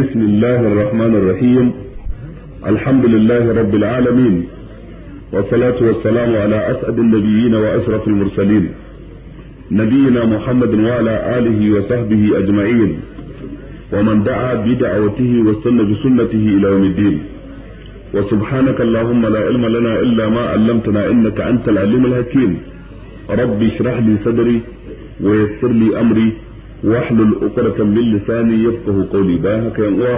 بسم الله الرحمن الرحيم الحمد لله رب العالمين والصلاة والسلام على أسعد النبيين وأشرف المرسلين نبينا محمد وعلى آله وصحبه أجمعين ومن دعا بدعوته واستنى بسنته إلى يوم الدين وسبحانك اللهم لا علم لنا إلا ما علمتنا إنك أنت العليم الحكيم رب اشرح لي صدري ويسر لي أمري واحلل عقدة من لساني يفقه قولي باها هكا uwa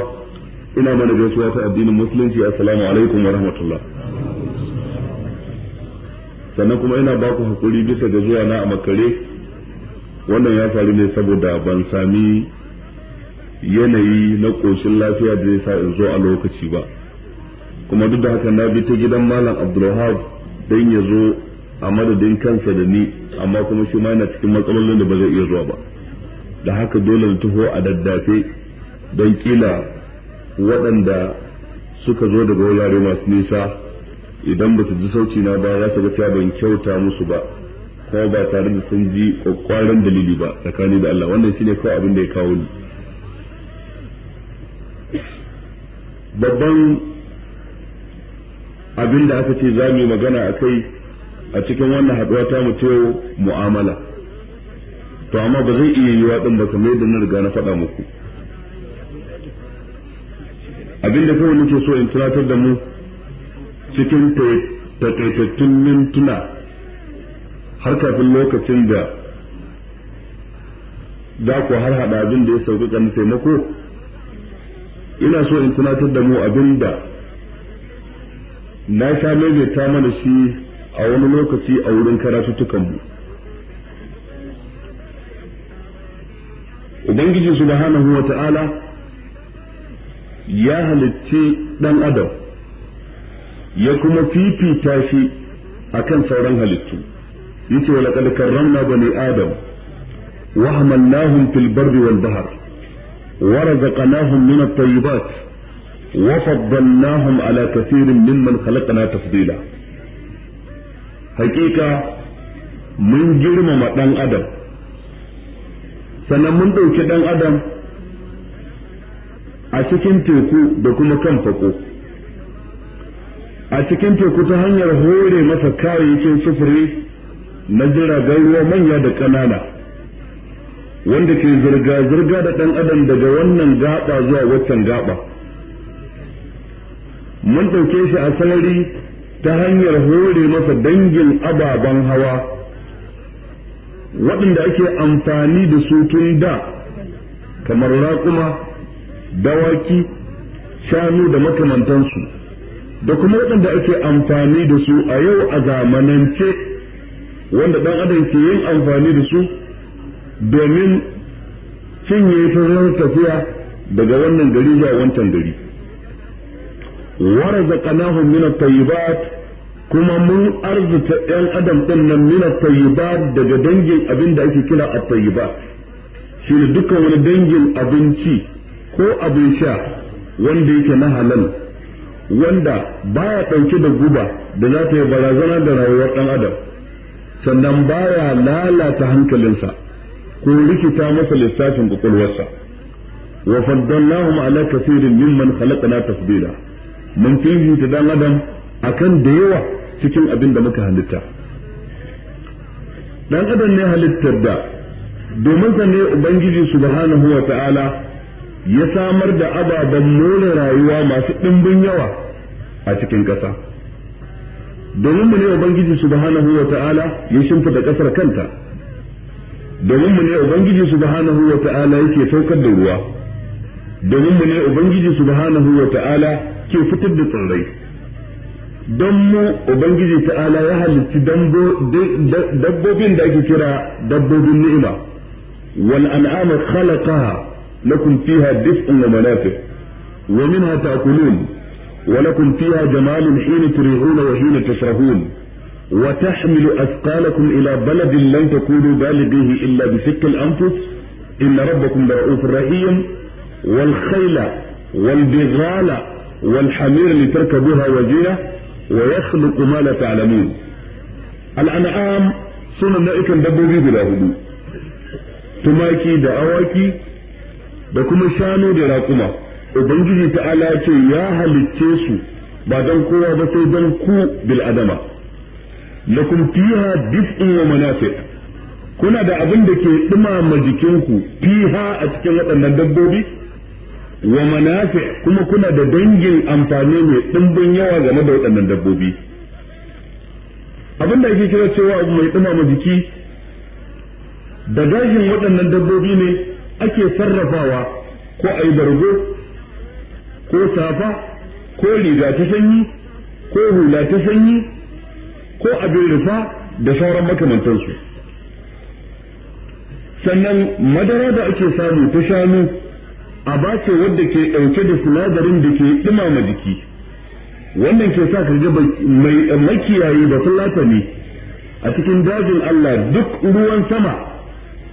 ina mana gaisuwa ta addinin musulunci assalamu alaikum wa sannan kuma ina baku hakuri bisa ga zuwa na a makare wannan ya faru ne saboda ban sami yanayi na ƙoshin lafiya da zai sa in zo a lokaci ba kuma duk da haka na bi ta gidan malam abdulwahab don ya zo a madadin kansa da ni amma kuma shi ma yana cikin matsalolin da ba zai iya zuwa ba da haka dole na tuho a daddafe don kila waɗanda suka zo daga wurare masu nisa idan ba su ji sauci na ba za su ga cewa ban kyauta musu ba ko ba tare da sun ji kwakwaran dalili ba tsakani da Allah wannan shine kawai abin da ya kawo ni babban abin da aka ce za mu yi magana a kai a cikin wannan haɗuwa ta mu mu'amala to amma ba zai iya yiwa din ba kamar yadda na riga na faɗa muku abinda kawai nake so in tunatar da mu cikin taƙaitattun mintuna har kafin lokacin da za ku har haɗa abin da ya sauƙi kan taimako ina so in tunatar da mu abin da na sha ta mana shi a wani lokaci a wurin karatuttukanmu mu ubangiji subhanahu wata'ala ya halicci dan adam ya kuma fifita shi akan sauran halittu yace wa laqad karramna bani adam wa hamalnahum fil barri wal bahr wa razaqnahum min at-tayyibat wa faddalnahum ala kathirin mimman khalaqna tafdila hakika mun girmama dan adam sannan mun ɗauki ɗan adam a cikin teku da kuma kan fako a cikin teku ta hanyar hore masa kayayyakin sufuri na jiragen ruwa manya da ƙanana wanda ke zirga-zirga da ɗan adam daga wannan gaba zuwa waccan gaɓa. mun ɗauke shi a sarari ta hanyar hore masa dangin ababen hawa waɗanda ake amfani da su tun da kamar raƙuma dawaki shanu da makamantansu da kuma waɗanda ake amfani da su a yau a zamanance wanda ɗan adam ke yin amfani da su domin cinye ta tafiya daga wannan gari zuwa wancan gari ورزقناهم من الطيبات kuma mun arzuta ɗan adam ɗin nan nuna tayyiba daga dangin abin da ake kira a tayyiba shi ne dukkan wani dangin abinci ko abin sha wanda yake na halal wanda baya ɗauke da guba da za ta yi barazana da rayuwar ɗan adam sannan baya lalata hankalinsa ko rikita masa lissafin kwakwalwarsa wa faddallahum ala kafirin mimman khalaqna tafdila mun fifita dan adam akan da yawa cikin abin da muka halitta dan adam ne halittar da domin sa ne ubangiji subhanahu wa ta'ala ya samar da ababen more rayuwa masu ɗimbin yawa a cikin ƙasa domin mu ne ubangiji subhanahu wa ta'ala ya shimfida ƙasar kanta domin mu ne ubangiji subhanahu wa ta'ala yake saukar da ruwa domin mu ne ubangiji subhanahu wa ta'ala ke fitar da tsirrai don mu ubangiji ta'ala ya halitti dabbobin da ake kira dabbobin ni'ima wal an'ama khalaqaha lakum fiha dif'un wa manafi wa minha ta'kulun wa lakum fiha jamalun hina turihuna wa hina tashrahun wa tahmilu athqalakum ila baladin lam takunu balighihi illa bi sikkil anfus inna rabbakum la'ufur rahim wal khayla wal bighala wal hamira litarkabuha wajiha ويخلق ما لا تعلمون الأنعام سنة نائكا dabbobi guda هدو tumaki da awaki da kuma shanu da raƙuma ubangiji ta'ala ce ya halicce su ba don kowa ba sai don ku bil adama lakum fiha dif'un wa manafi kuna da abin da ke dumama jikinku fiha a cikin waɗannan dabbobi wa manafi kuma kuna da dangin amfani mai ɗimbin yawa game da waɗannan dabbobi abinda da ake kira cewa abu mai ɗumama jiki da gashin waɗannan dabbobi ne ake sarrafawa ko a yi bargo ko safa ko riga ta sanyi ko hula ta sanyi ko abin rufa da sauran makamantansu sannan madara da ake samu ta shanu aba ce wadda ke ɗauke da sinadarin da ke ɗumama jiki wannan ke sa kaga mai eh, makiyayi da kullata ne a cikin dajin Allah duk ruwan sama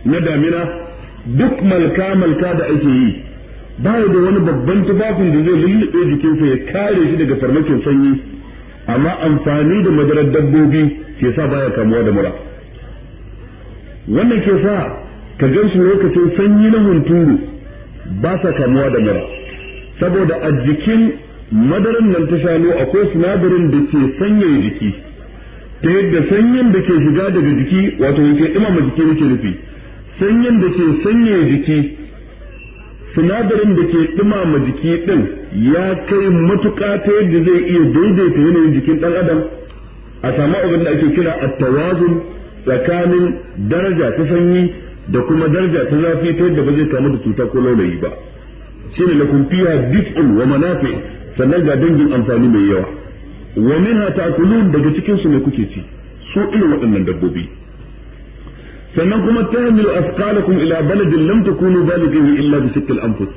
na damina duk malka malka da ake yi baya da wani babban tufafin da zai lullube sa ya kare shi daga farmakin sanyi amma amfani da madarar dabbobi ke sa baya kamuwa da mura wannan ke sa ka gan su lokacin sanyi na hunturu ba sa kamuwa da mura saboda a jikin madaran nan ta shanu akwai sinadarin da ke sanyaya jiki ta yadda sanyin da ke shiga daga jiki wato yake imama jiki yake nufi sanyin da ke sanyaya jiki sinadarin da ke ɗumama jiki ɗin ya kai matuƙa ta yadda zai iya daidaita yanayin jikin ɗan adam a samu abin da ake kira a tawazun tsakanin daraja ta sanyi da kuma daraja ta zafi ta yadda ba zai kamu da cuta ko launayi ba ne lakum fiya dif'un wa manafi sannan ga dangin amfani mai yawa wa minha ta'kulun daga cikin su ne kuke ci su irin waɗannan dabbobi sannan kuma tahmilu asqalakum ila baladin lam takunu balighihi illa bi shiqqil anfus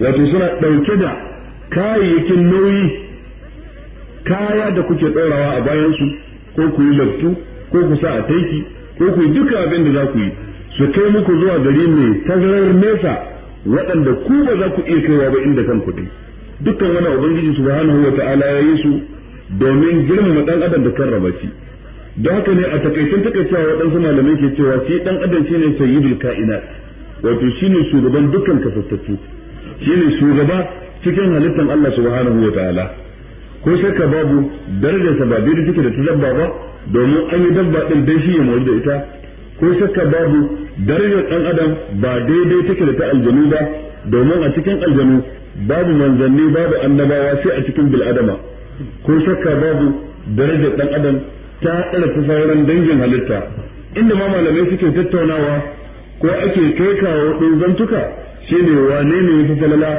wato suna dauke da kayayyakin nauyi kaya da kuke ɗorawa a bayansu ko ku yi laftu ko ku sa a taiki ko ku duka abin da za ku yi su kai muku zuwa gari mai tazarar nesa waɗanda ku ba za ku iya kaiwa ba inda kan kuɗi dukkan wani ubangiji subhanahu wa ta'ala ya yi su domin girmama ɗan adam da kan shi da haka ne a takaicen takaicewa waɗansu malamai ke cewa shi ɗan adam shine sayyidul kainat wato shine shugaban dukkan kafaffatu shine shugaba cikin halittan Allah subhanahu wa ta'ala ko shakka babu darajarsa ba da take da ta dabba ba domin an yi dabba ɗin dai shi ya mawar da ita ko shakka babu darajar dan adam ba daidai take da ta aljanu ba domin a cikin aljanu babu manzanni babu annabawa sai a cikin bil'adama ko shakka babu darajar dan adam ta tsara ta sauran dangin halitta inda ma malamai suke tattaunawa ko ake kai kawo ɗin zantuka shine wane ne ya falala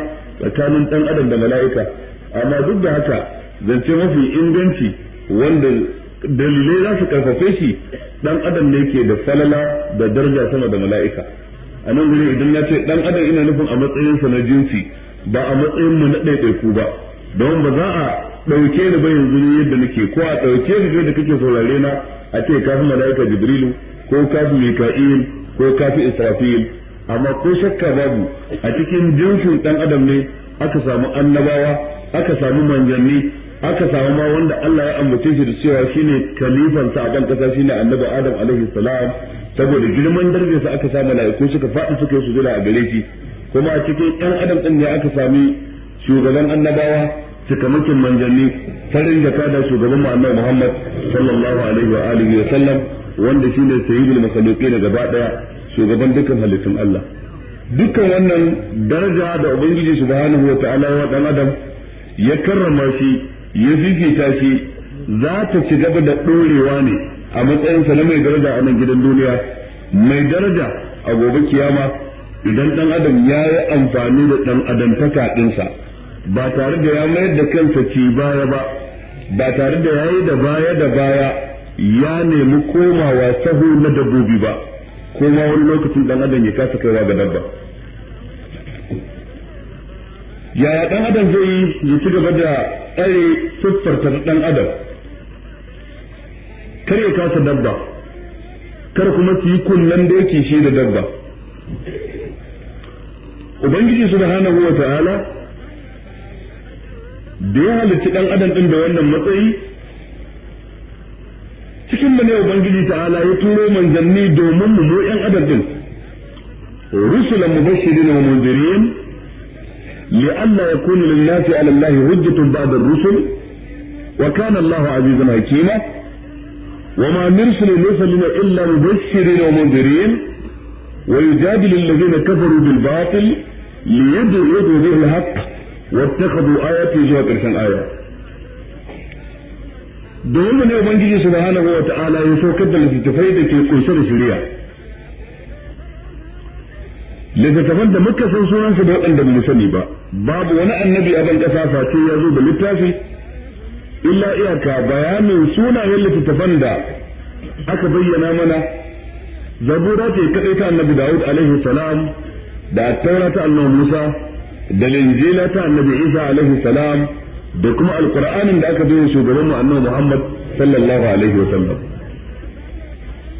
tsakanin dan adam da mala'ika amma duk da haka zance mafi inganci wanda dalilai za su karfafe shi dan adam ne ke da falala da daraja sama da mala'ika a nan gudun idan na ce dan adam ina nufin a matsayin na jinsi ba a matsayin mu na ɗaiɗaiku ba don ba za a ɗauke ni ba yanzu ne yadda nake ko a ɗauke ni yadda kake saurare na a ce kafi mala'ika jibrilu ko kafi mika'il ko kafi israfil amma ko shakka babu a cikin jinsin dan adam ne aka samu annabawa aka samu manzanni aka samu ma wanda Allah ya ambace shi da cewa shine kalifan sa a kan kasa shine annabi Adam alaihi salam saboda girman darajarsa aka samu mala'iku suka faɗi suka yi sujuda a gare shi kuma a cikin ɗan adam din ne aka sami shugaban annabawa cikamakin manzanni farin jaka da shugaban mu annabi Muhammad sallallahu alaihi wa alihi wa sallam wanda shine sayyidul makhluqin gaba daya shugaban dukkan halittun Allah dukkan wannan daraja da ubangiji subhanahu wa ta'ala wa dan adam ya karrama shi ya fifita shi za ta ci gaba da ɗorewa ne a matsayinsa na mai daraja a nan gidan duniya mai daraja a gobe kiyama idan ɗan adam ya yi amfani da ɗan ta kaɗinsa ba tare da ya mayar da kansa ci baya ba ba tare da ya yi da baya da baya ya nemi komawa sahu na dabbobi ba koma wani lokacin ɗan adam ya kasa kaiwa ga dabba yaya ɗan adam zai yi ya ci gaba da tsare siffarta ta ɗan adam kar ya kasa dabba kar kuma su yi kullum da yake shi da dabba ubangiji subhanahu wa ta'ala da ya halitta ɗan adam ɗin da wannan matsayi cikin mu ne ubangiji ta'ala ya turo manzanni domin mu mu yan adam ɗin rusulan mubashirin wa munzirin لئلا يكون للناس على الله حجة بعد الرسل وكان الله عزيزا حكيما وما نرسل المرسلين إلا مبشرين ومنذرين ويجادل الذين كفروا بالباطل ليدعوا به الحق واتخذوا آياتي جوا كرشان آية دون من يبنجي سبحانه وتعالى يسوكد التي تفيدك في قنصر سوريا littattafan da muka san sunansu da waɗanda mu sani ba babu wani annabi a ban ƙasa face ya zo da littafi illa iyaka bayanin sunayen littattafan da aka bayyana mana zabura ce kadai ta annabi Dawud alaihi salam da attaura ta annabi Musa da linjila ta annabi Isa alaihi salam da kuma alƙur'anin da aka bayyana shugaban mu annabi Muhammad sallallahu alaihi wasallam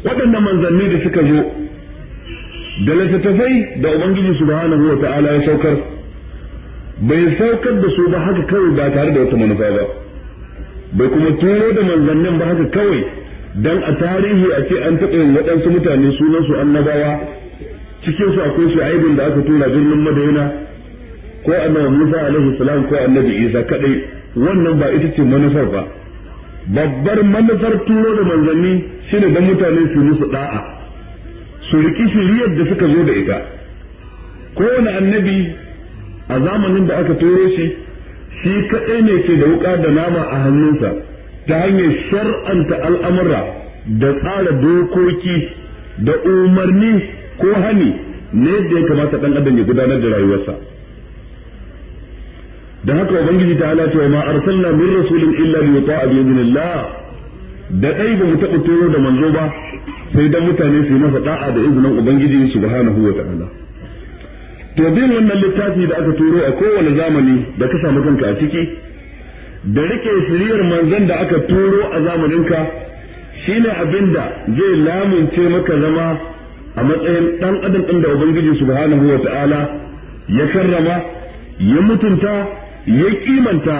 waɗannan manzanni da suka zo da littattafai da ubangiji subhanahu wa ta'ala ya saukar bai saukar da su ba haka kawai ba tare da wata manufa ba bai kuma turo da manzannin ba haka kawai don a tarihi a ce an taɓa waɗansu mutane sunansu su annabawa cikin su akwai aibin da aka tura birnin madaina ko annabi Musa alaihi salam ko annabi Isa kadai wannan ba ita ce manufar ba babbar manufar turo da manzanni shine dan mutane su musu da'a su riƙi shiriyar da suka zo da ita kowane annabi a zamanin da aka turo shi shi kaɗai ne ke da wuƙa da nama a hannunsa ta hanyar shar'anta al'amura da tsara dokoki da umarni ko hani ne da ya kamata ɗan adam ya gudanar da rayuwarsa da haka ubangiji ta halatta wa ma arsalna min rasulin illa li yuta'a bi idnillah da dai ba mu taɓa turo da manzo ba sai dan mutane su yi masa da'a da izinin ubangiji subhanahu wa ta'ala to bin wannan littafi da aka turo a kowane zamani da ka samu kanka a ciki da rike shiriyar manzon da aka turo a zamaninka shine abin da zai lamunce maka zama a matsayin ɗan adam ɗin da ubangiji subhanahu wa ta'ala ya karrama ya mutunta ya kimanta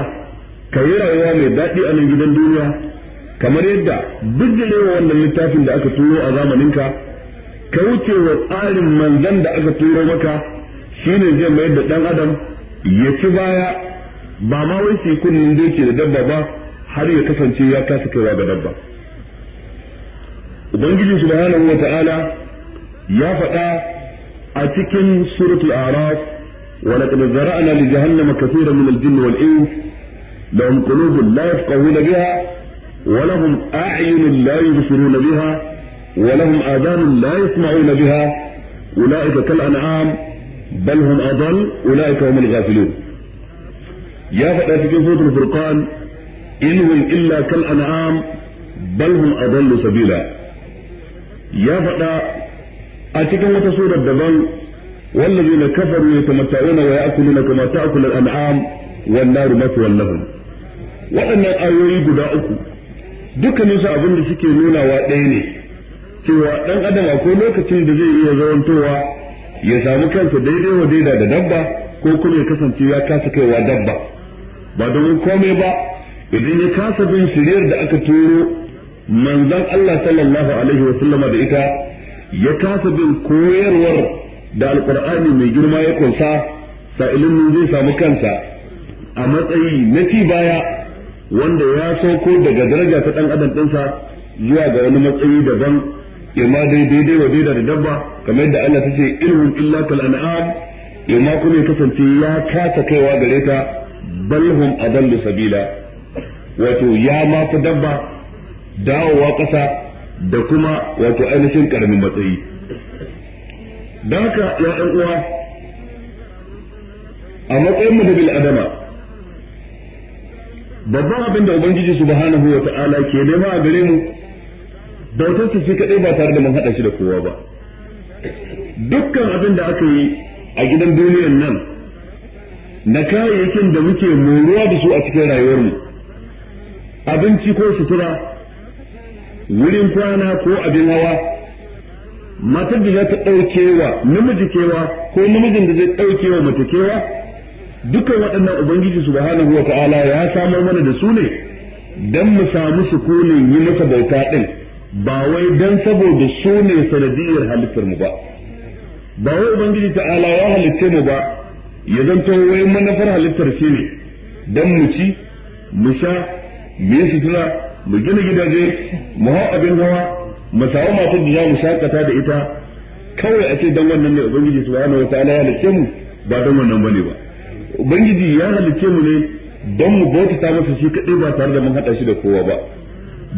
ka yi rayuwa mai daɗi a nan gidan duniya kamar yadda bijirewa wannan littafin da aka turo a zamaninka ka wuce wa tsarin manzan da aka turo maka shine zai mayar da dan adam ya ci baya ba ma wai shi kunnin da yake da dabba ba har ya kasance ya kasa kaiwa ga dabba ubangiji subhanahu wa ta'ala ya faɗa a cikin suratul araf wa laqad zara'na li jahannama kaseeran min al-jinni wal-ins lahum qulubun la yafqahuna biha ولهم أعين لا يبصرون بها ولهم آذان لا يسمعون بها أولئك كالأنعام بل هم أضل أولئك هم الغافلون يا فتاة في سورة الفرقان إن هم إلا كالأنعام بل هم أضل سبيلا يا فتاة أتكلم وتسورة الدبل والذين كفروا يتمتعون ويأكلون كما تأكل الأنعام والنار مثوى لهم وأن الآية guda uku dukkanin su abin da suke nuna wa ɗaya ne cewa ɗan adam akwai lokacin da zai iya zawantowa ya samu kansa daidai wa daida da dabba ko kuma ya kasance ya kasa kaiwa dabba ba domin komai ba idan ya kasa bin shiriyar da aka turo manzon Allah sallallahu alaihi wa sallama da ita ya kasa bin koyarwar da alqur'ani mai girma ya kunsa sa'ilin zai samu kansa a matsayi na ci baya wanda ya sauko daga daraja ta dan adam dinsa zuwa ga wani matsayi daban imma dai daidai wa daidai da dabba kamar yadda Allah ta ce ilmun illa kal an'am imma kuma ya kasance ya kasa kaiwa gare ta balhum adallu sabila wato ya ma ta dabba dawowa kasa da kuma wato ainihin karamin matsayi don haka ya uwa a matsayin mu da bil adama babban abin da ubangiji subhanahu wa ta'ala ke nema a gare mu bautar su shi kadai ba tare da mun hada shi da kowa ba dukkan abin da aka yi a gidan duniyar nan na kayayyakin da muke moruwa da su a cikin rayuwar mu abinci ko sutura wurin kwana ko abin hawa matar da za ta ɗaukewa namiji kewa ko namijin da zai ɗaukewa mata kewa Dukkan waɗannan ubangiji subhanahu wa ta'ala ya samar mana da su ne dan mu samu sukunin yi masa bauta din ba wai dan saboda su ne sanadiyar halittar mu ba ba wai ubangiji ta'ala ya halitta mu ba ya zanto wai manufar halittar shi ne dan mu ci mu sha mu yi sutura mu gina gidaje mu hau abin hawa mu samu matar da za mu shakata da ita kawai a ce dan wannan ne ubangiji subhanahu wa ta'ala ya halitta mu ba dan wannan bane ba ubangiji ya halice mu ne don mu bautata masa shi kadai ba tare da mun hada shi da kowa ba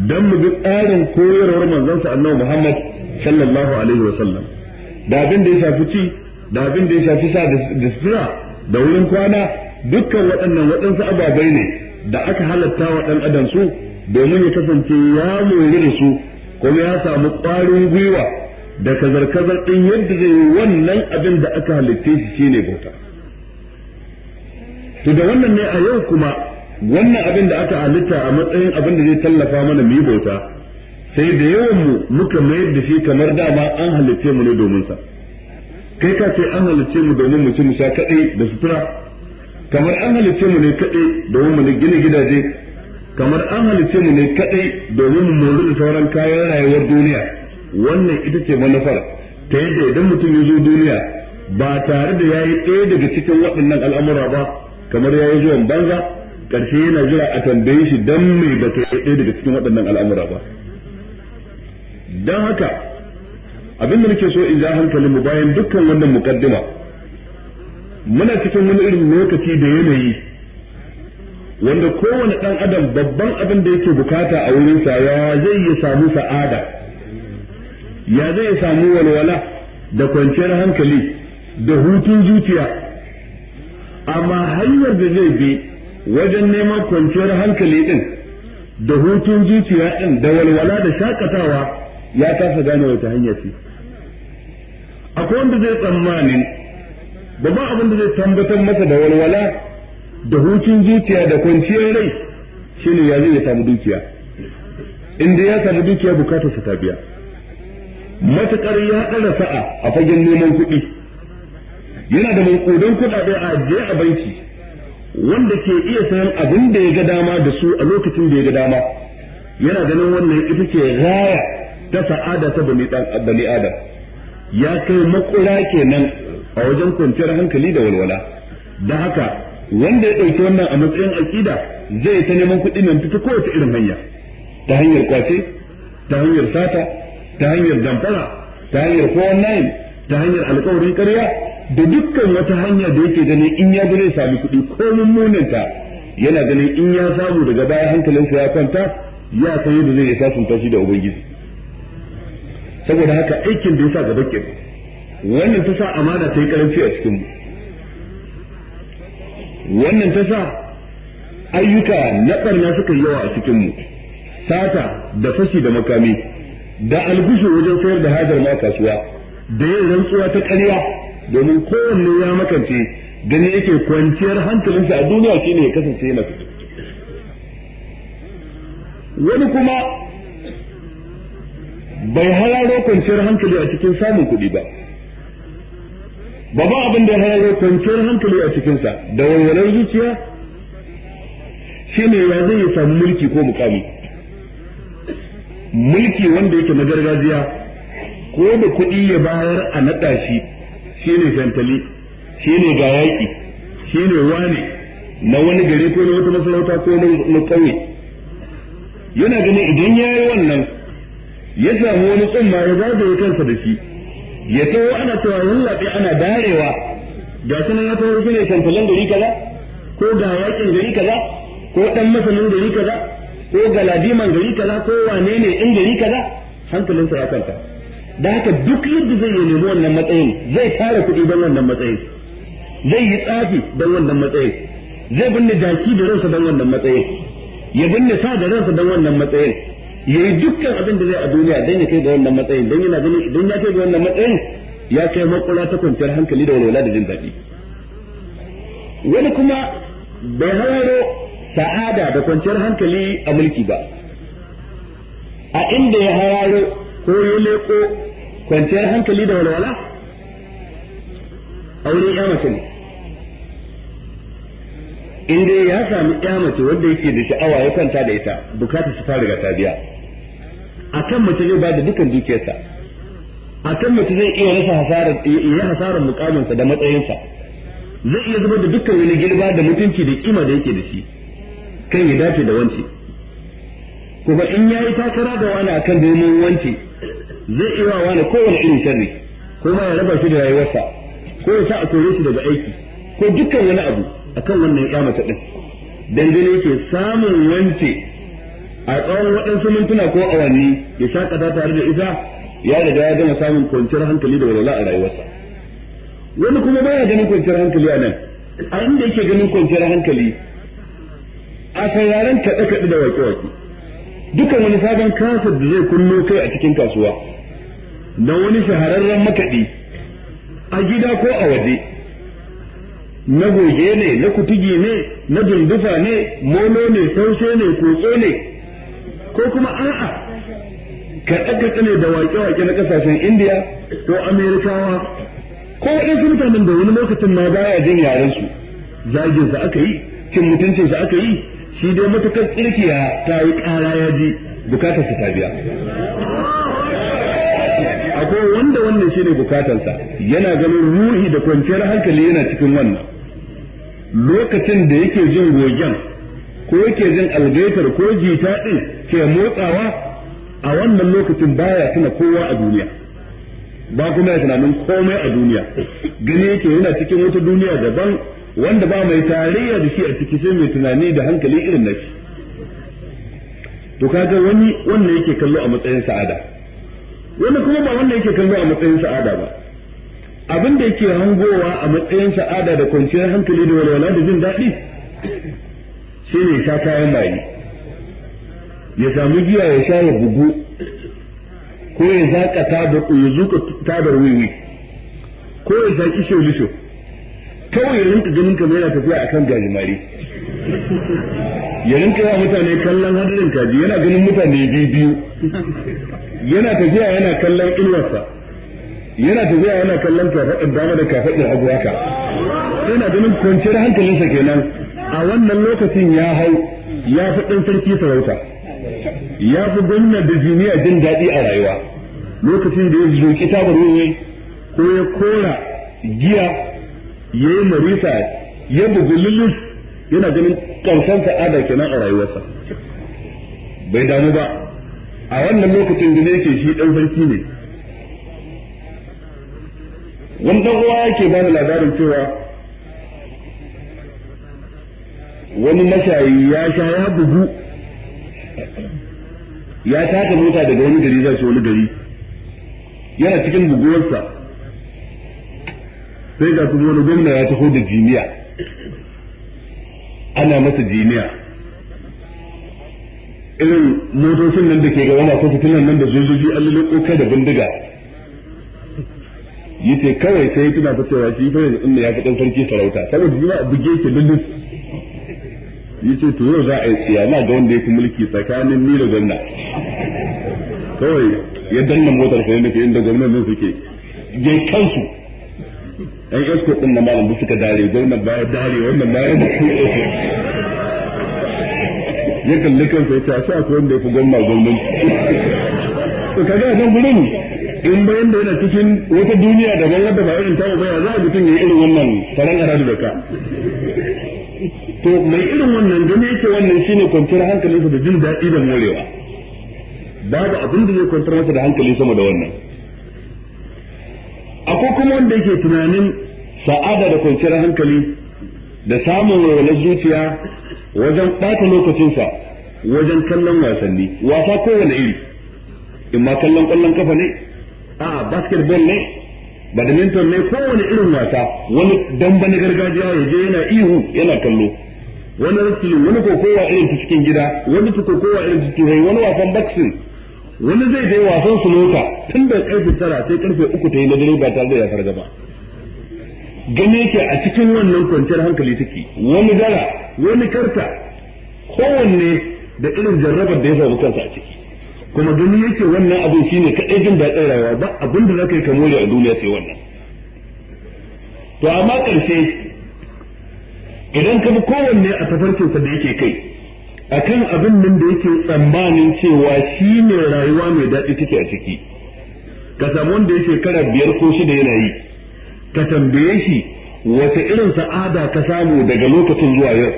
don mu bi tsarin koyarwar manzon sa annabi Muhammad sallallahu alaihi wa sallam da abin da ya shafi ci da abin da ya shafi sa da sutura da wurin kwana dukkan waɗannan waɗansu ababai ne da aka halatta wa ɗan adam su domin ya kasance ya mori da su kuma ya samu ƙwarin gwiwa da kazar-kazar ɗin yadda zai wannan abin da aka halitta shi shine bauta to da wannan ne a yau kuma wannan abin da aka halitta a matsayin abin da zai tallafa mana mu yi bauta sai da yawan mu muka mayar da shi kamar dama an halicce mu ne domin sa kai ka ce an halicce mu domin mu ci mu sha da sutura kamar an halicce mu ne kaɗai domin mu gina gidaje kamar an halicce mu ne kaɗai domin mu mori da sauran kayan rayuwar duniya wannan ita ce manufar ta yadda idan mutum ya zo duniya ba tare da ya yi ɗaya daga cikin waɗannan al'amura ba kamar yi zuwan banza ƙarshe yana zuwa a tambaye shi dan mai baka yi daga cikin waɗannan al'amura ba don haka abin da nake so in ja hankalin mu bayan dukkan wannan mukaddima muna cikin wani irin lokaci da yanayi wanda kowane ɗan adam babban abin da yake bukata a wurinsa ya zai ya samu sa'ada ya zai ya samu walwala da kwanciyar hankali da hutun zuciya amma hanyar da zai bi wajen neman kwanciyar hankali ɗin da hutun zuciya din da walwala da shakatawa ya kasa gane wata hanya ce akwai wanda zai tsammanin ba abin da zai tambatar masa da walwala da hutun zuciya da kwanciyar rai shine ya zai samu dukiya inda ya samu dukiya bukatarsa ta biya matukar ya ɗara sa'a a fagen neman kuɗi yana da mankudan kuɗaɗe a ajiye a banki wanda ke iya sayan abin da ya ga dama da su a lokacin da ya ga dama yana ganin wannan ita ce raya ta sa'ada ta bani adam ya kai makura kenan a wajen kwanciyar hankali da walwala da haka wanda ya ɗauki wannan a matsayin aƙida zai ta neman kuɗi nan ta kowace irin hanya ta hanyar kwace ta hanyar sata ta hanyar damfara ta hanyar ko ta hanyar alƙawarin ƙarya da dukkan wata hanya da yake ganin in ya gane sami kuɗi ko muninta yana ganin in ya samu daga baya hankalinsa ya kwanta ya san yadda zai sasunta shi da ubangiji saboda haka aikin da ya sa gaba ke wannan ta sa amana ta yi karanci a cikin wannan ta sa ayyuka na barna suka yi yawa a cikin mu sata da fashi da makami da algushu wajen sayar da hajar ma kasuwa da yin rantsuwa ta ƙarya domin kowanne ya makance gani yake kwanciyar hankalinsa a duniya shine ya kasance yana fito wani kuma bai hararo kwanciyar hankali a cikin samun kuɗi ba babban abin da ya hararo kwanciyar hankali a cikinsa da walwalar zuciya shine ya zai ya samu mulki ko mukami mulki wanda yake na gargajiya ko da kuɗi ya bayar a naɗa shi Shi ne fentali Shi ne ga Shi ne wane na wani gari ko na wata masarauta ko na ƙauye yana gani idan ya yi wannan ya samu wani tsumma ya da kansa da shi ya taho ana cewa yallaɓe ana darewa ga sunan ya taho ne fentalin gari kaza ko ga yaƙin gari kaza ko ɗan masanin gari kaza ko galadiman gari kaza ko wane ne in gari kaza hankalinsa ya kwanta da haka duk yadda zai nemi wannan matsayin zai tara kuɗi don wannan matsayin zai yi tsafi don wannan matsayin zai binne jaki da ransa don wannan matsayin ya binne sa da ransa don wannan matsayin ya yi dukkan abin da zai a duniya don ya kai da wannan matsayin don yana ganin idan ya kai da wannan matsayin ya kai makura ta kwanciyar hankali da walwala da jin daɗi wani kuma bai hararo sa'ada da kwanciyar hankali a mulki ba a inda ya hararo ko ya leko kwanciyar hankali da walwala a wurin ya ne in dai ya sami ya mace wanda yake da sha'awa ya kwanta da ita bukata su fara ga tabiya kan mace zai ba da dukan dukiyarsa kan mace zai iya rasa hasarar iya hasarar mukaminsa da matsayinsa zai iya zubar da dukkan wani girba da mutunci da kima da yake da shi kan ya dace da wanci kuma in yi takara da wani akan domin wanci zai iya wa wani kowane irin sharri ko ma ya raba shi da rayuwarsa ko ya sa a kore shi daga aiki ko dukkan wani abu akan wannan ya kyamata din dangane yake samun wance a tsawon waɗansu mintuna ko awanni ya shakata tare da ita ya riga ya gama samun kwanciyar hankali da walwala a rayuwarsa wani kuma baya ganin kwanciyar hankali a nan a inda yake ganin kwanciyar hankali a sayaran kaɗe-kaɗe da wake-wake dukan wani sabon kasar da zai kunno kai a cikin kasuwa na wani shahararren makaɗi a gida ko a waje na goge ne na kutigi ne na dundufa ne molo ne taushe ne kotso ne ko kuma a'a kaɗe-kaɗe ne da waƙe-waƙe na ƙasashen indiya ko amerikawa ko waɗansu mutanen da wani lokacin ma baya jin yarensu zaginsu aka yi cin mutuncinsa aka yi shi dai matukar tsirkiya ta yi ƙara ya ji su ta biya akwai wanda wannan shine bukatarsa yana ganin ruhi da kwanciyar hankali yana cikin wannan lokacin da yake jin gogen ko yake jin algaitar ko jita din ke motsawa a wannan lokacin baya tuna kowa a duniya ba kuma ya tunanin komai a duniya gani yake yana cikin wata duniya daban wanda ba mai tarayya da shi a ciki sai mai tunani da hankali irin na shi to kaga wani wannan yake kallo a matsayin sa'ada wani kuma ba wanda yake kallo a matsayin sa'ada ba abin da yake hangowa a matsayin sa'ada da kwanciyar hankali da walwala da jin daɗi shi ne sha kayan bayi ya sami giya ya sha ya bugu ko ya zaƙa tabar ya zuƙa tabar wiwi ko ya zaƙi sholisho kawai ya rinka ganin kamar yana tafiya akan gajimare ya rinka yawa mutane kallon hadarin kaji yana ganin mutane biyu biyu yana tafiya yana kallon inuwarsa yana tafiya yana kallon kafaɗin dama da kafaɗin hagu yana ganin kwanciyar hankalinsa kenan a wannan lokacin ya hau ya fi ɗan sarki sarauta ya fi gwamna da jiniya jin daɗi a rayuwa lokacin da ya zoki tabar ko ya kora giya ya yi marisa ya bugu lulus yana ganin ƙarshen sa'ada kenan a rayuwarsa bai damu ba a wannan lokacin da yake shi dan sarki ne wani dan uwa yake bani labarin cewa wani mashayi ya sha ya bugu ya taka mota daga wani gari zai wani gari yana cikin buguwarsa sai ga kuma wani gwamna ya taho da jiniya ana masa jiniya irin motocin nan da ke gaba masu fitilan nan da zojoji an lulluɓo da bindiga ce kawai sai tuna fa cewa shi fa yanzu inda ya fi ɗan sarki sarauta saboda shi ba buge ke lullus ce to yau za a yi tsiya ga wanda ya fi mulki tsakanin ni da gwamna kawai ya danna motar sai da ke inda gwamnan nan suke je kansu ɗan yasko ɗin na malam suka dare gwamnan ba ya dare wannan su ya ya kalli kansa ya ce a sha akwai wanda ya fi gwamna gwamnan to kaga nan gurin in bayan da yana cikin wata duniya daban wadda ba irin ta ba za a mutum ya irin wannan faran aradu da ka to mai irin wannan gani yake wannan shine kwanciyar hankalinsa da jin daɗi da morewa babu abin da zai kwantar masa da hankali sama da wannan akwai kuma wanda yake tunanin sa'ada da kwanciyar hankali da samun walwalar zuciya wajen ɓata lokacinsa wajen kallon wasanni wasa kowane iri in ma kallon ƙwallon kafa ne a basketball ne badminton ne kowane irin wasa wani damba na gargajiya ya je yana ihu yana kallo wani wrestling wani kokowa irin ta cikin gida wani ta kokowa irin ta cikin wani wasan boxing wani zai je wasan sunota tun da karfe tara sai karfe uku ta yi na dare ba tare da ya fargaba ba gane ke a cikin wannan kwanciyar hankali take wani dara wani karta kowanne da irin jarrabar da ya samu kansa a ciki kuma gani yake wannan abin shine kaɗai jin daɗin rayuwa ba abin da za ka yi ka more a duniya sai wannan to amma ƙarshe idan ka bi kowanne a tafarkinsa da yake kai a kan abin nan da yake tsammanin cewa shi ne rayuwa mai daɗi take a ciki ka samu wanda yake kara biyar ko shida yana yi ka tambaye shi wata irin sa'ada ka samu daga lokacin zuwa yau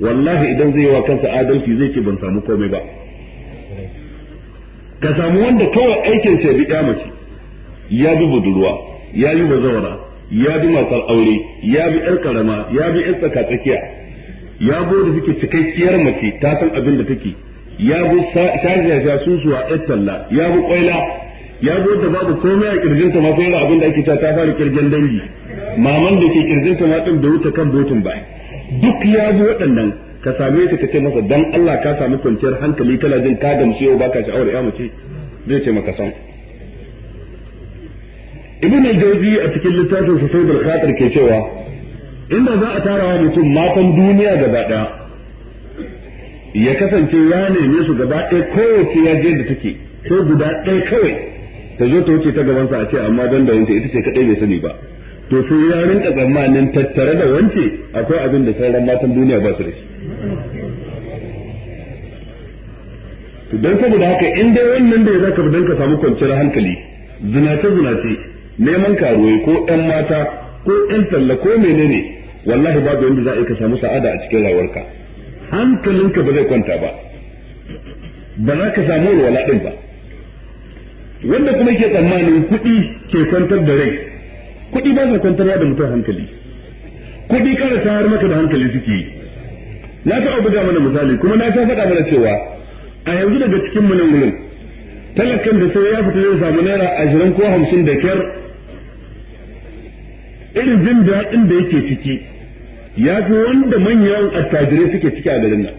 wallahi idan zai wa kansa adalci zai ce ban samu komai ba ka samu wanda kawai aikin sa bi mace ya bi budurwa ya yi bazawara ya bi matar aure ya bi yar karama ya bi yar tsakatsakiya ya bo da suke cikakkiyar mace ta san abin da take ya bi shaja ya susuwa yar talla ya bi kwaila ya zo da babu komai a kirjin ta ma abin da ake ta ta fara kirjin dangi maman da ke kirjin ta ma din da wuce kan botin ba duk ya zo waɗannan ka same ta ka ce masa dan Allah ka sami kwanciyar hankali kana jin ka gamsu yau baka sha'awar ya mace zai ce maka san ibn al-jawzi a cikin littafin sa sai al-khatir ke cewa inda za a tara wa mutum matan duniya gaba daya ya kasance ya neme su gaba ɗaya kowace ya je da take ko guda ɗaya kawai ta zo ta wuce ta gabansa a ce amma don da wance ita ce kadai bai sani ba to sai ya rinka tsammanin tattare da wance akwai abin da sauran matan duniya ba su da shi to dan saboda haka in dai wannan da ya zaka dan ka samu kwanciyar hankali zinace zinace neman karuwai ko ɗan mata ko ɗan talla ko menene wallahi babu wanda za a yi ka samu sa'ada a cikin rayuwarka hankalinka ba zai kwanta ba ba za ka samu walwala din ba wanda kuma ke tsammanin kuɗi ke kwantar da rai kuɗi ba sa kwantarwa da mutum hankali kuɗi ƙara tayar maka da hankali suke yi na ta abu da mana misali kuma na ta faɗa mana cewa a yanzu daga cikin mu nan talakan da sai ya fita zai samu naira ashirin ko hamsin da kyar irin jin daɗin da yake ciki ya fi wanda manyan attajirai suke ciki a garin nan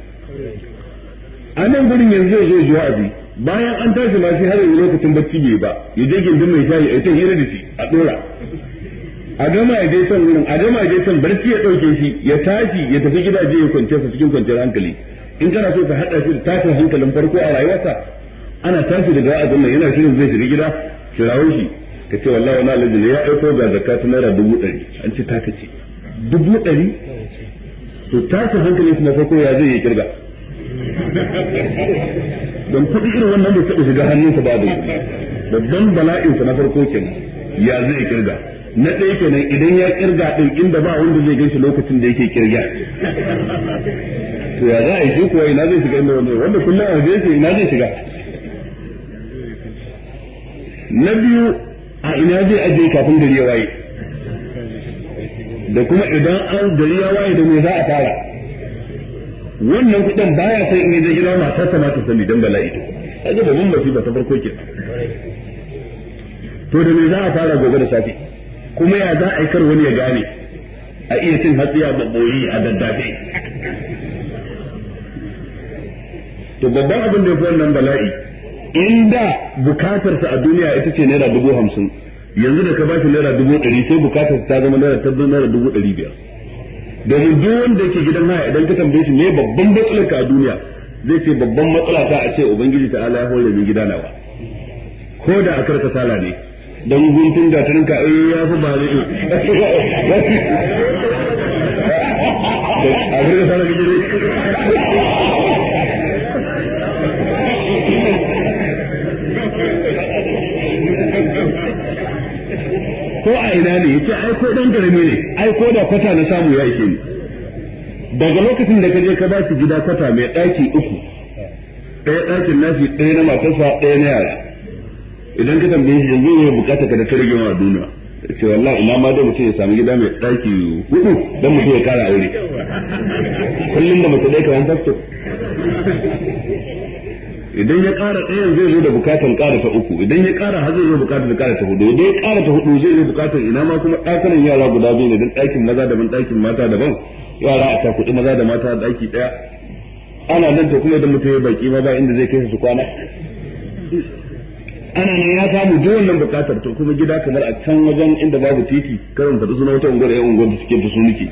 a nan gurin yanzu ya zo zuwa abi bayan an tashi ma shi har yanzu lokacin bacci bai ba ya je gindin mai shayi a ta hira da shi a dora a gama ya je can wurin a gama ya je can barci ya dauke shi ya tashi ya tafi gidaje ya kwance su cikin kwanciyar hankali in kana so ka hada shi da tashin hankalin farko a rayuwarsa ana tashi daga wa'azin nan yana shirin zai shiga gida kirawo shi ka ce wallahi wani alaji ne ya aiko ga zakka ta naira dubu ɗari an ce taka ce dubu ɗari to tashin hankalin na farko ya zai yi kirga don kuɗi irin wannan bai taɓa shiga hannunsa babu babban bala'insa na farko kenan ya zai kirga na ɗaya kenan idan ya kirga ɗin inda ba wanda zai ganshi lokacin da yake kirga to ya za a yi shi kuwa ina zai shiga inda wanda wanda kullum a waje yake ina zai shiga na biyu a ina zai ajiye kafin gari ya waye da kuma idan an gari ya waye da me za a fara wannan kuɗin baya sai in je gida mata ta mata sani dan bala'i to kaga babban masifa ta farko ke to da me za a fara gobe da safe kuma ya za a yi kar wani ya gane a iya cin hatsiya babboyi a daddafe to babban abin da ya fi wannan bala'i inda bukatarsa a duniya ita ce naira dubu hamsin yanzu da ka ba shi naira dubu ɗari sai bukatarsa ta zama naira tabbin naira dubu ɗari biyar domin duk wanda yake gidan haya idan ka tambaye shi me babban matsalar ka a duniya zai ce babban matsala ta a ce ubangiji ta ala ya hore min gida nawa ko da a karka sala ne dan guntun da tunan ka eh ya fi ba ne a karka sala ne ko a ina ne yace ai ko dan garami ne ai ko da kwata na samu ya ishe ni daga lokacin da ka je ka dace gida kwata mai ɗaki uku ɗaya ɗakin nashi ɗaya na matarsa ɗaya na yara idan ka tambaye shi yanzu ne bukata ka da ka rage duniya ce wallahi ina ma da mutum ya sami gida mai ɗaki uku dan mutum ya kara aure kullum da mutum ka kamar fasto idan ya ƙara ɗayan zai zo da bukatan ƙara ta uku idan ya ƙara har zai zo bukatan ƙara ta hudu idan ya ƙara ta hudu zai zo bukatan ina ma kuma ɗakunan yara guda biyu ne don ɗakin maza daban ɗakin mata daban yara a ta kuɗi maza da mata a ɗaki ɗaya ana nan to kuma da mutum ya baki ma ba inda zai kai su kwana ana nan ya samu duk wannan bukatar to kuma gida kamar a can wajen inda babu titi karin faɗi suna wata unguwar ɗaya unguwar da suke da su nake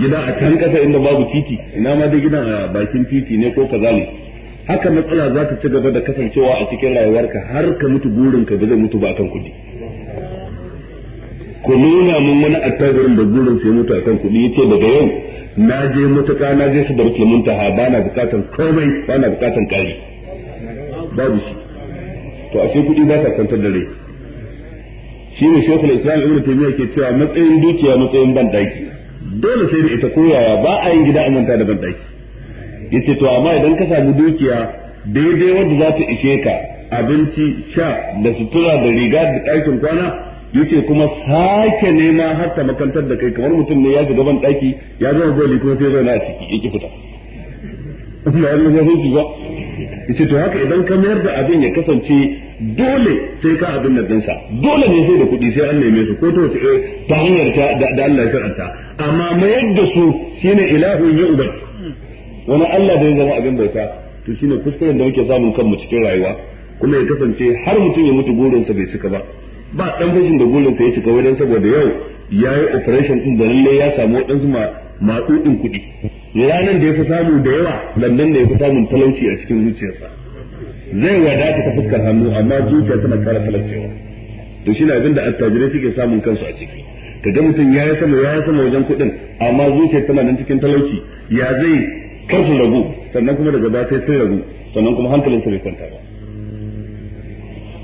gida a can ƙasa inda babu titi ina ma dai gidan a bakin titi ne ko kaza ne haka matsala za ta ci gaba da kasancewa a cikin rayuwarka har ka mutu burinka ba zai mutu ba akan kuɗi ku nuna mun wani attajirin da burin sai mutu akan kuɗi yace daga yau na je mutaka na je su barkil muntaha ba na bukatan komai ba na bukatan kari babu shi to a kuɗi ba ta kwantar da rai shi ne shekul islam ibn taymiya ke cewa matsayin dukiya matsayin ban daki dole sai da ita koyaya ba a yin gida amanta da ban daki yace to amma idan ka samu dukiya daidai wanda za ta ishe ka abinci sha da sutura da riga da ɗakin kwana yace kuma sake nema har ta makantar da kai kamar mutum ne ya ji gaban ɗaki ya zama goli kuma sai zauna a ciki yake fita amma yanzu ya zo ba yace to haka idan ka mayar da abin ya kasance dole sai ka abin da dinsa dole ne sai da kuɗi sai an neme su ko ta wace eh, ta hanyar ta da Allah ya karanta amma mayar da su shine ilahun ya wani Allah da ya zama abin bauta to shine kuskuren da muke samun kanmu cikin rayuwa kuma ya kasance har mutum ya mutu gurinsa bai cika ba ba dan fashin da gurinsa ya cika wajen saboda yau ya yi operation din da lalle ya samu waɗansu matsudin kuɗi ranar da ya fi samu da yawa landan ne ya fi samun talauci a cikin zuciyarsa zai wadata ta fuskar hannu amma zuciya tana kara talaucewa to shine abin da attajirai suke samun kansu a ciki kaga mutum ya yi sama ya yi sama wajen kuɗin amma zuciyar tana nan cikin talauci ya zai kar su rabu sannan kuma daga baya sai sun rabu sannan kuma hankalin su bai kwanta ba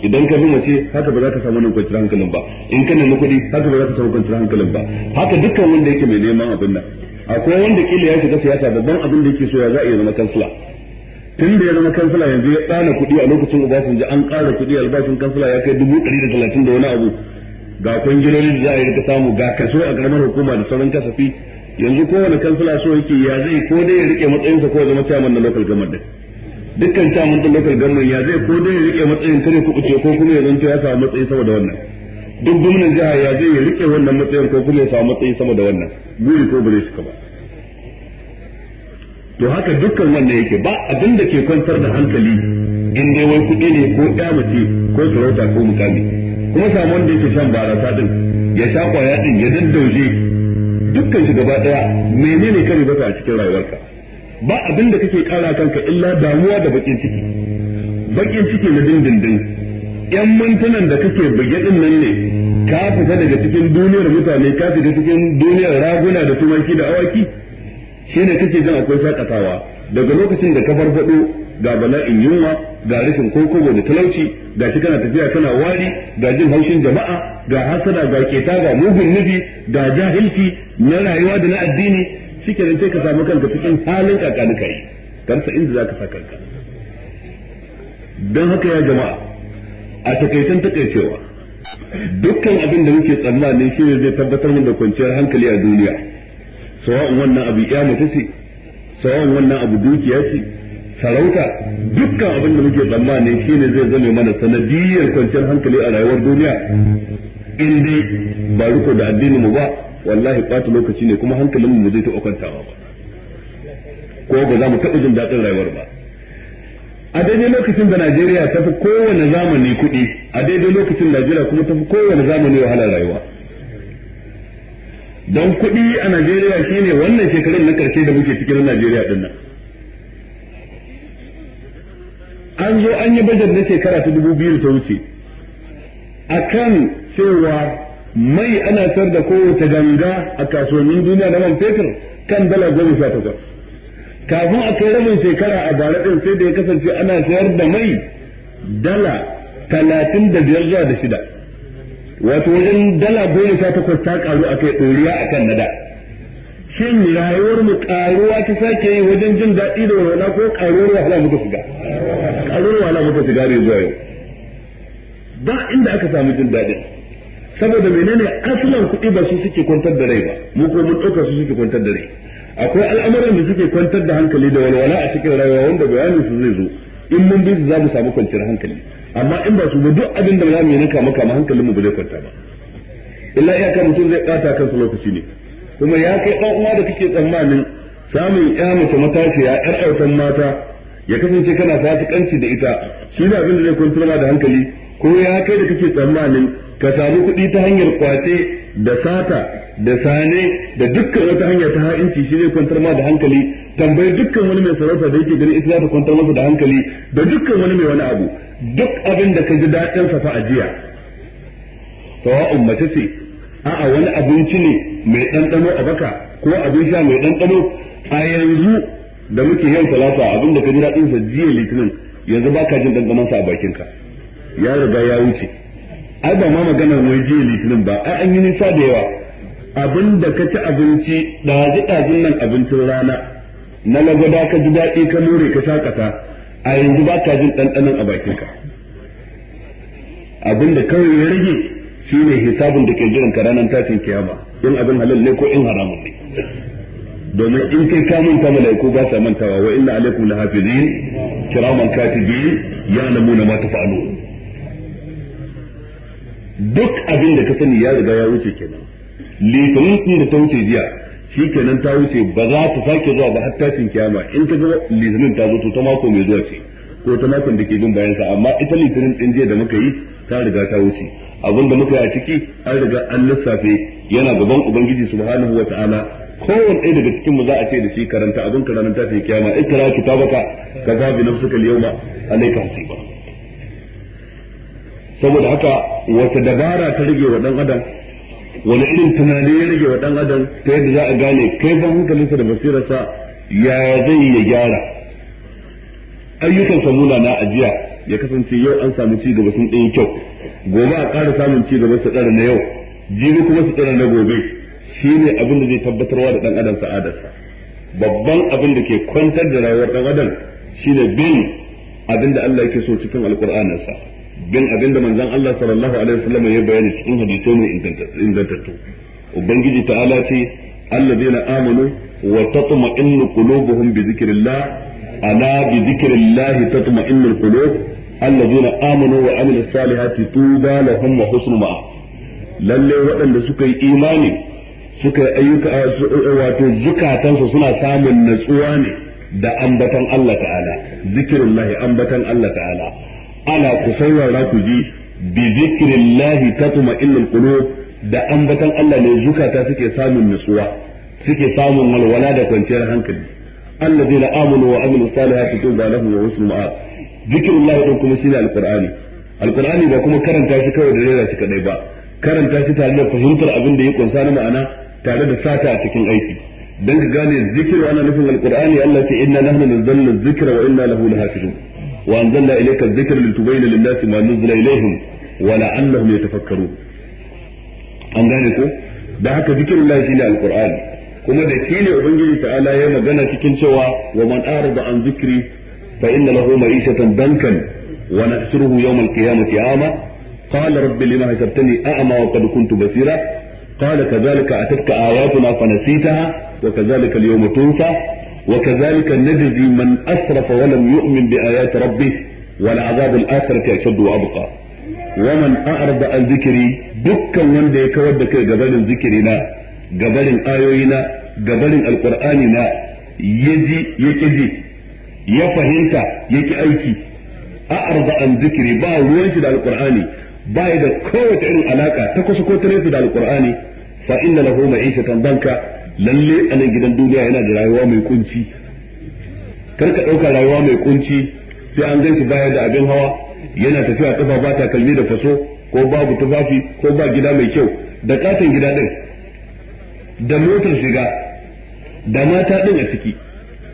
idan ka bi mace haka ba za ka samu nan hankalin ba in ka nemi kuɗi haka ba za ka samu kwanciyar hankalin ba haka dukkan wanda yake mai neman abin nan akwai wanda kila ya shiga siyasa babban abin da yake so ya za a iya zama kansila tun da ya zama kansila yanzu ya tsana kuɗi a lokacin Obasanjo an ƙara kuɗi albashin kansila ya kai dubu ɗari da talatin da wani abu ga kwangilolin da za a yi rika samu ga kaso a ƙaramar hukuma da sauran kasafi yanzu kowane kansila so yake ya zai ko dai ya rike matsayinsa ko zama chairman na local government dukkan chairman din local government ya zai ko dai ya rike matsayin kare kuɓuce ko kuma ya zanto ya samu matsayi saboda wannan duk gwamnan jiha ya zai ya rike wannan matsayin ko kuma ya samu matsayi sama da wannan guri ko ba zai shiga ba to haka dukkan wannan yake ba abin da ke kwantar da hankali in dai wai kuɗi ne ko ƙyamace ko sarauta ko mukami kuma samu wanda yake shan barasa din ya sha kwaya din ya daddauje dukkan shi gaba daya menene kare baka a cikin rayuwarka ba abin da kake kara kanka illa damuwa da bakin ciki bakin ciki na dindindin yan mintunan da kake buge din nan ne ka fita daga cikin duniyar mutane ka fita cikin duniyar raguna da tumaki da awaki shine kake jin akwai shakatawa daga lokacin da ka farfado ga bala'in yunwa ga rashin kokobo da talauci ga shi kana tafiya kana wari ga jin haushin jama'a ga hasada ga keta ga mugun nufi ga jahilci na rayuwa da na addini shike nan sai ka samu kanka cikin halin kakanuka yi karsa inda zaka sa kanka dan haka ya jama'a a takaitan takaicewa dukkan abin da muke tsammani shine zai tabbatar mun da kwanciyar hankali a duniya sawa'un wannan abu ya mace ce sawa'un wannan abu dukiya ce sarauta dukkan abin da muke tsammani ne zai zame mana sanadiyyar kwanciyar hankali a rayuwar duniya in dai ba riko da addinin mu ba wallahi ɓata lokaci ne kuma hankalin mu zai taɓa kwantawa ba ko ba za mu taɓa jin daɗin rayuwar ba a daidai lokacin da Najeriya ta fi kowane zamani kuɗi a daidai lokacin Najeriya kuma ta fi kowane zamani wahala rayuwa don kuɗi a Najeriya shine wannan shekarun na ƙarshe da muke cikin Najeriya ɗin nan an zo an yi bajar na shekara ta dubu biyu ta wuce a kan cewa mai ana tar da kowace ganga a kasuwannin duniya na man fetur kan dala goma sha takwas kafin a kai rabin shekara a bara ɗin sai da ya kasance ana sayar da mai dala talatin da biyar zuwa da shida wato wajen dala goma sha takwas ta karu a kai ɗoriya a kan nada shin rayuwar mu karuwa ta sake yi wajen jin daɗi da wahala ko karuwar wahala muka shiga azurwa wala muka sigari zuwa yau ba inda aka samu jin daɗi saboda menene asalin kuɗi ba su suke kwantar da rai ba mu ko mun ɗauka su suke kwantar da rai akwai al'amuran da suke kwantar da hankali da walwala a cikin rayuwa wanda bayanin su zai zo in mun bi su za mu samu kwanciyar hankali amma in ba su ba duk abin da za mu yi na kama kama hankalin mu ba zai kwanta ba illa iyaka mutum zai ɓata kansa lokaci ne kuma ya kai ɗan uwa da kake tsammanin samun ƴa mace matashiya ƴar autan mata ya kasance kana fasikanci da ita shi ne abin da zai kwantar da hankali ko ya kai da kake tsammanin ka sami kuɗi ta hanyar kwace da sata da sane da dukkan wata hanya ta ha'inci shi zai kwantar da hankali tambayi dukkan wani mai sarauta da yake gani ita za ta kwantar masa da hankali da dukkan wani mai wani abu duk abin da ka ji daɗin sa fa ajiya sawa'un mace ce a'a wani abinci ne mai ɗanɗano a baka ko abin sha mai ɗanɗano a yanzu da muke yau talata abin da ka ji daɗin sa jiya litinin yanzu baka jin dandaman sa a bakin ka ya riga ya wuce ai ba ma magana wai jiya litinin ba ai an yi nisa da yawa abin da ka ci abinci da ɗazin nan abincin rana na lagwada ka ji daɗi ka more ka kasa a yanzu ba ka jin ɗanɗanon a bakinka abin da kawai ya rage shi ne hisabin da ke jiran ka ranar tashin kiyama in abin halal ne ko in haramun ne domin in kai ka manta malaiku ba sa mantawa wa inna alaikum hafizin kiraman katibin ya'lamuna ma tafa'alun duk abin da ka sani ya riga ya wuce kenan litinin din da ta wuce jiya shi kenan ta wuce ba za ta sake zuwa ba har tashin kiyama in ta ga litinin ta zo to ta mako mai zuwa ce ko ta makon da ke bin bayan sa amma ita litinin din jiya da muka yi ta riga ta wuce abin da muka yi a ciki an riga an lissafe yana gaban ubangiji subhanahu ta'ala kowane ɗaya daga cikinmu za a ce da shi karanta abin ka ranar tafi kiyama ikra kitabaka ka zabi nafsuka a yawma alayka hasiba saboda haka wata dabara ta rage wa dan adam wani irin tunani ya rage wa dan adam ta yadda za a gane kai ban hankalinsa da basirarsa ya zai ya gyara ayyukan samuna na ajiya ya kasance yau an samu ci gaba sun ɗaya kyau gobe a ƙara samun ci gaba su ɗara na yau jibi kuma su ɗara na gobe shine abin da zai tabbatarwa da dan adam sa'adarsa babban abin da ke kwantar da rayuwar dan adam shine bin abin da Allah yake so cikin alqur'aninsa bin abin da manzon Allah sallallahu alaihi wasallam ya bayani cikin hadisai ne ingantattu ubangiji ta'ala ce allazina amanu wa tatma'innu qulubuhum bi dhikrillah ala bi dhikrillah tatma'innul qulub allazina amanu wa amilus salihati tuba lahum wa husnu ma'a lalle waɗanda suka yi imani suka yi ayyuka wato zukatansu suna samun natsuwa ne da ambatan Allah ta'ala Zikirin lahi, ambatan Allah ta'ala Ana ku saurara ku ji bi zikirin lahi zikrillahi tatma'innul qulub da ambatan Allah ne zukata suke samun natsuwa suke samun walwala da kwanciyar hankali Allah zai na amanu wa amilu salihati tuba lahum wa wasu ma'a Zikirin lahi ɗin kuma shi shine alqur'ani alqur'ani ba kuma karanta shi kawai da rera shi kadai ba karanta shi tare da fahimtar abin da ya kunsa na ma'ana tare da sata a cikin aiki dan ka gane zikir ana nufin alqur'ani Allah ce inna nahnu nazzalna dhikra wa inna lahu lahafizun wa anzalna ilayka dhikra litubayyana lin-nasi ma nuzila ilayhim wa la'allahum yatafakkarun an gane ko da haka zikirullahi shine alqur'ani kuma da shi ne ubangiji ta'ala ya magana cikin cewa wa man arada an zikri fa inna lahu ma'ishatan dankan wa nahsuruhu yawm al-qiyamati ama qala rabbi lima hasabtani a'ma wa qad kuntu basira قال كذلك أتتك آياتنا فنسيتها وكذلك اليوم تنسى وكذلك نجزي من أسرف ولم يؤمن بآيات ربه ولعذاب الآخرة أشد وأبقى ومن أعرض عن ذكري دكا من دي كودك قبل ذكرنا قبل آيوينا قبل القرآننا يجي يكجي يفهمك يكي أيكي أعرض عن ذكري با روانش القرآني ba da kowace irin alaka ta kusa ko ta nesa da alqur'ani fa inna lahu ma'ishatan banka lalle a nan gidan duniya yana da rayuwa mai kunci kar ka dauka rayuwa mai kunci sai an ganshi bayar da abin hawa yana tafiya kafa ba takalmi da faso ko babu tufafi ko ba gida mai kyau da katon gida din da motar shiga da mata din a ciki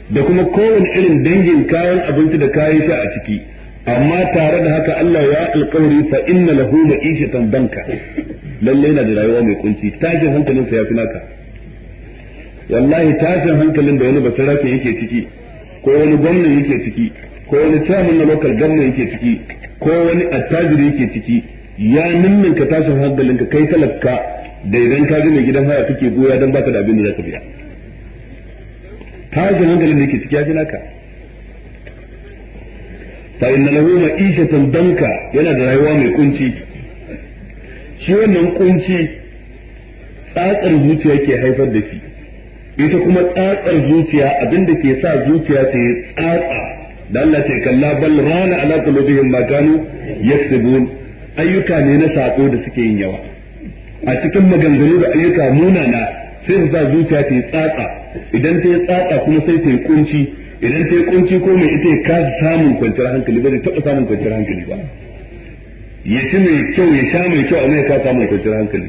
da kuma kowane irin dangin kayan abinci da kayan sha a ciki amma tare da haka Allah ya alƙawari fa inna lahu ma'ishatan banka lalle yana da rayuwa mai kunci tashin hankalin sa yafi naka wallahi tashin hankalin da wani basarafe yake ciki ko wani gwamna yake ciki ko wani chairman na local government yake ciki ko wani attajiri yake ciki ya ka tashin hankalin ka kai talaka da idan ka ji mai gidan haya kake goya dan baka da abin da zaka biya tashin hankalin da yake ciki yafi naka fa inna lahu ma'ishatan danka yana da rayuwa mai kunci shi wannan kunci tsatsar zuciya ke haifar da shi ita kuma tsatsar zuciya abinda ke sa zuciya ta yi tsatsa da Allah ce kalla bal rana ala qulubihim ma kanu yaksubun ayyuka ne na sako da suke yin yawa a cikin maganganu da ayyuka munana sai su sa zuciya ta yi tsatsa idan ta yi tsatsa kuma sai ta yi kunci idan sai kunci ko mai ita ya kasa samun kwanciyar hankali ba da taɓa samun kwanciyar hankali ba ya ci mai kyau ya sha mai kyau amma ya kasa samun kwanciyar hankali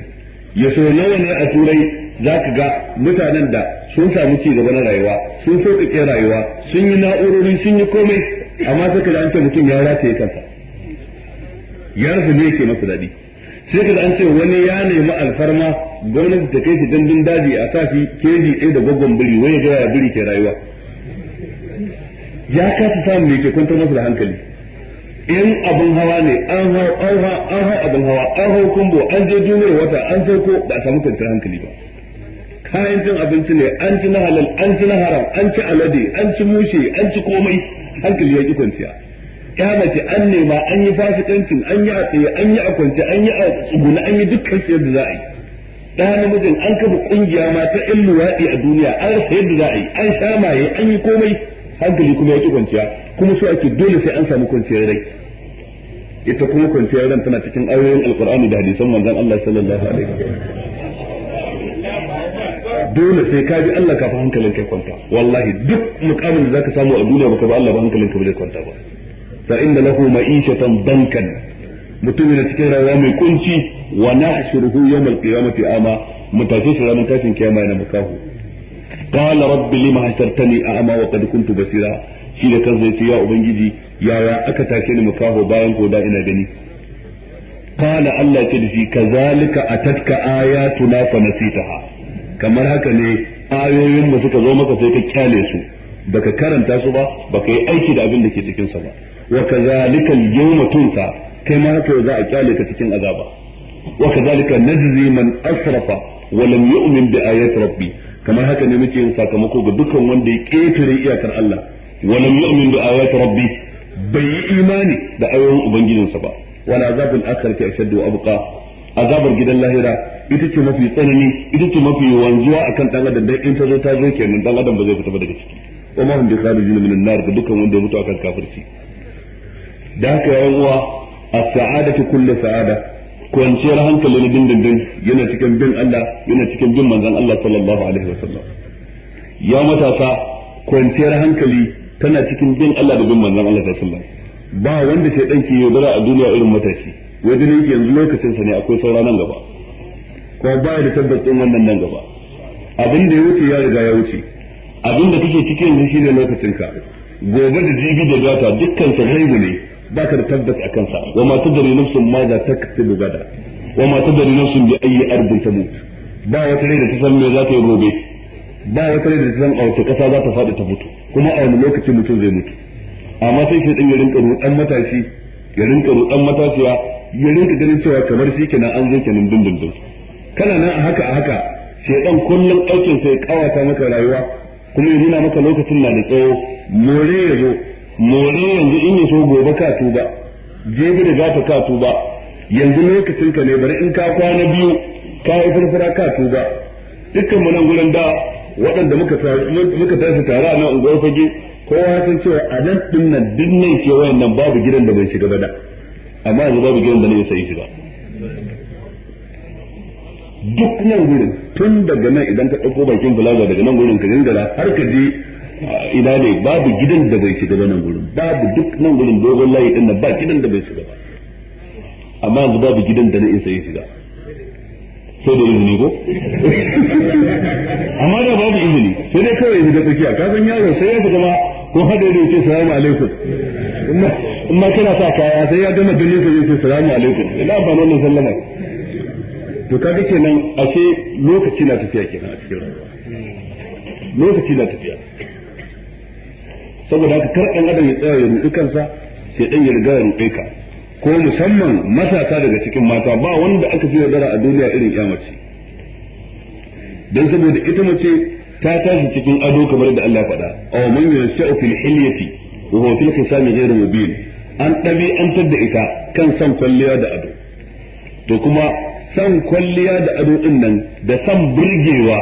ya so nawa ne a turai za ka ga mutanen da sun samu ci gaba na rayuwa sun sauƙaƙe rayuwa sun yi na'urori sun yi komai amma sai ka da an ce mutum ya rataye kansa ya rasa ne ke masa daɗi sai ka an ce wani ya nemi alfarma gwamnati ta kai shi dandun daji a safi keji ɗaya da gwaggon biri wai ya gaya biri ke rayuwa ya kasa samun mai ke kwantar masa da hankali in abin hawa ne an hau an hau an hau abin hawa an hau kumbo an je duniyar wata an sauko ba a samu kwanciyar hankali ba kayan cin abinci ne an ci na halal an ci na haram an ci alade an ci mushe an ci komai hankali ya ki kwanciya ya mace an nema an yi fasikancin an yi a tsaye an yi a an yi a tsuguna an yi dukkan sayar da za a yi ɗaya namijin an kafa ƙungiya ma ta luwaɗi a duniya an rasa yadda za a yi an sha maye an yi komai hankali kuma ya ki kwanciya kuma su ake dole sai an samu kwanciyar rai ita kuma kwanciyar ran tana cikin ayoyin alqur'ani da hadisan manzon Allah sallallahu alaihi dole sai ka bi Allah kafin hankalin kai kwanta wallahi duk mukamin da zaka samu a duniya baka ba Allah ba hankalin ka ba kwanta ba fa inna lahu ma'ishatan bankan mutumin cikin rayuwa mai kunci wa nahshuruhu yawmal qiyamati ama mutaje shi ranar tashin kiyama yana makahu qala rabbi lima hasartani a'ma wa qad basira shi da kansa yace ya ubangiji yaya aka tashe ni makaho bayan ko da ina gani qala allah ya ce shi kazalika atatka ayatuna fa nasitaha kamar haka ne ayoyin mu suka zo maka sai ka kyale su baka karanta su ba baka yi aiki da abinda ke cikinsa sa ba wa kazalika al-yawma kai ma haka za a kyale ka cikin azaba wa kazalika najzi man asrafa wa lam yu'min bi ayati rabbi kamar haka ne muke yin sakamako ga dukkan wanda ya ƙetare iyakar Allah wala mu'min bi ayati rabbi bai yi imani da ayoyin ubangijinsa ba wala azabul akhirati ashaddu wa abqa azabar gidan lahira ita ce mafi tsanani ita ce mafi wanzuwa akan dan adam dan in ta zo ta zo kenan dan adam ba zai fita ba daga ciki wa ma hum bi kharijin minan nar ga dukkan wanda ya mutu akan kafirci da haka yayin uwa as-sa'adatu kullu sa'ada kwanciyar hankali na dindindin yana cikin bin Allah yana cikin bin manzon Allah sallallahu alaihi wasallam ya matasa kwanciyar hankali tana cikin bin Allah da bin manzon Allah sallallahu alaihi wasallam ba wanda ke dan ke yaudara a duniya irin matashi wajen yake yanzu lokacin sa ne akwai saura nan gaba ko ba da tabbacin wannan nan gaba abin da ya wuce ya riga ya wuce abin da kake cikin yanzu shine lokacin ka gobe da jibi da gata dukkan sa ne ba ka da tabbas a kansa wa ma dari nafsun ma za taktubu gada wa ma tadri nafsun bi ayyi ta mutu ba wata rai da ta san me za ta yi gobe ba wata rai da ta san a wace kasa za ta faɗi ta mutu kuma a wani lokaci mutum zai mutu amma sai shi ɗin ya rinka ruɗan matashi ya rinka ruɗan matashiya ya rinka ganin cewa kamar shi kenan an zo kenan dindindin kana nan a haka a haka ɗan kullum aikin sai kawata maka rayuwa kuma ya nuna maka lokacin na da tsawo more ya zo more yanzu in yaso so gobe ka tuba jibi da za ta ka tuba yanzu lokacin ka ne bari in ka kwana biyu ka yi furfura ka tuba dukkan mu nan gurin da waɗanda muka tashi tare a nan unguwar fage kowa ya san cewa a nan din nan din nan ke wayannan babu gidan da bai shiga ba da amma yanzu babu gidan da ne sai shiga duk nan gurin tun daga nan idan ka ɗauko bakin bulaga daga nan gurin ka gangara har ka je ina ne babu gidan da bai shiga ba nan gurin babu duk nan gurin dogon layi din nan ba gidan da bai shiga ba amma yanzu babu gidan da na isa ya shiga sai da izini ko amma da babu izini sai dai kawai ya shiga tsakiya ka san yaro sai ya shiga ma ko hada da yake salamu alaikum in ma kana sa kaya sai ya gama ganin sa yake salamu alaikum ina ba nan sallama to kaga kenan ashe lokaci na tafiya kenan a cikin rayuwa lokaci na tafiya saboda haka kar dan adam ya tsaya ya rudu kansa sai dan ya riga ya ka ko musamman matasa daga cikin mata ba wanda aka fi yaudara a duniya irin mace? dan saboda ita mace ta tashi cikin ado kamar da Allah faɗa aw man yasha'u fil hilyati wa huwa fil khisami ghayr mubin an ɗabi'antar da ita kan san kwalliya da ado to kuma san kwalliya da ado din nan da san burgewa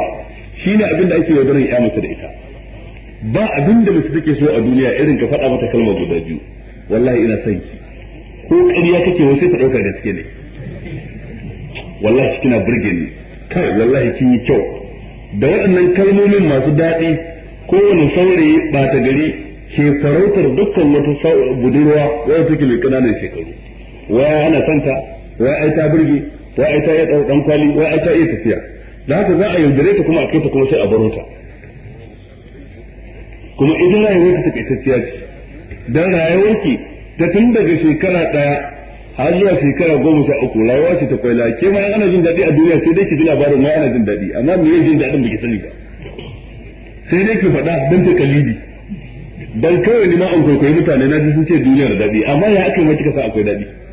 shine abin da ake yaudarar ya mace da ita ba abin da mace take so a duniya irin ka faɗa mata kalmar guda biyu wallahi ina son ki ko ƙarya kake wasu ta ɗauka gaske ne wallahi kina burge ni kai wallahi kin yi kyau da waɗannan kalmomin masu daɗi kowane saurayi ɓata gari ke sarautar dukkan wata budurwa wadda take mai ƙananan shekaru waya ana santa waya ai ta burge waya ai ta iya ɗan kwali waya ai ta iya tafiya da haka za a yaudare ta kuma a kai ta kuma sai a baro ta kuma idan rayuwar ta tafiya ce dan rayuwarki ki ta tun daga shekara daya har zuwa shekara goma sha uku rayuwa ce ta kwaila ke ma ana jin daɗi a duniya sai dai ki ji labarin ma ana jin daɗi amma me yake jin daɗin baki sani ba sai dai ki faɗa dan ta kalibi dan kawai ni ma an kwaikwayi mutane na ji sun ce duniya da daɗi amma ya aka yi ma kika sa akwai daɗi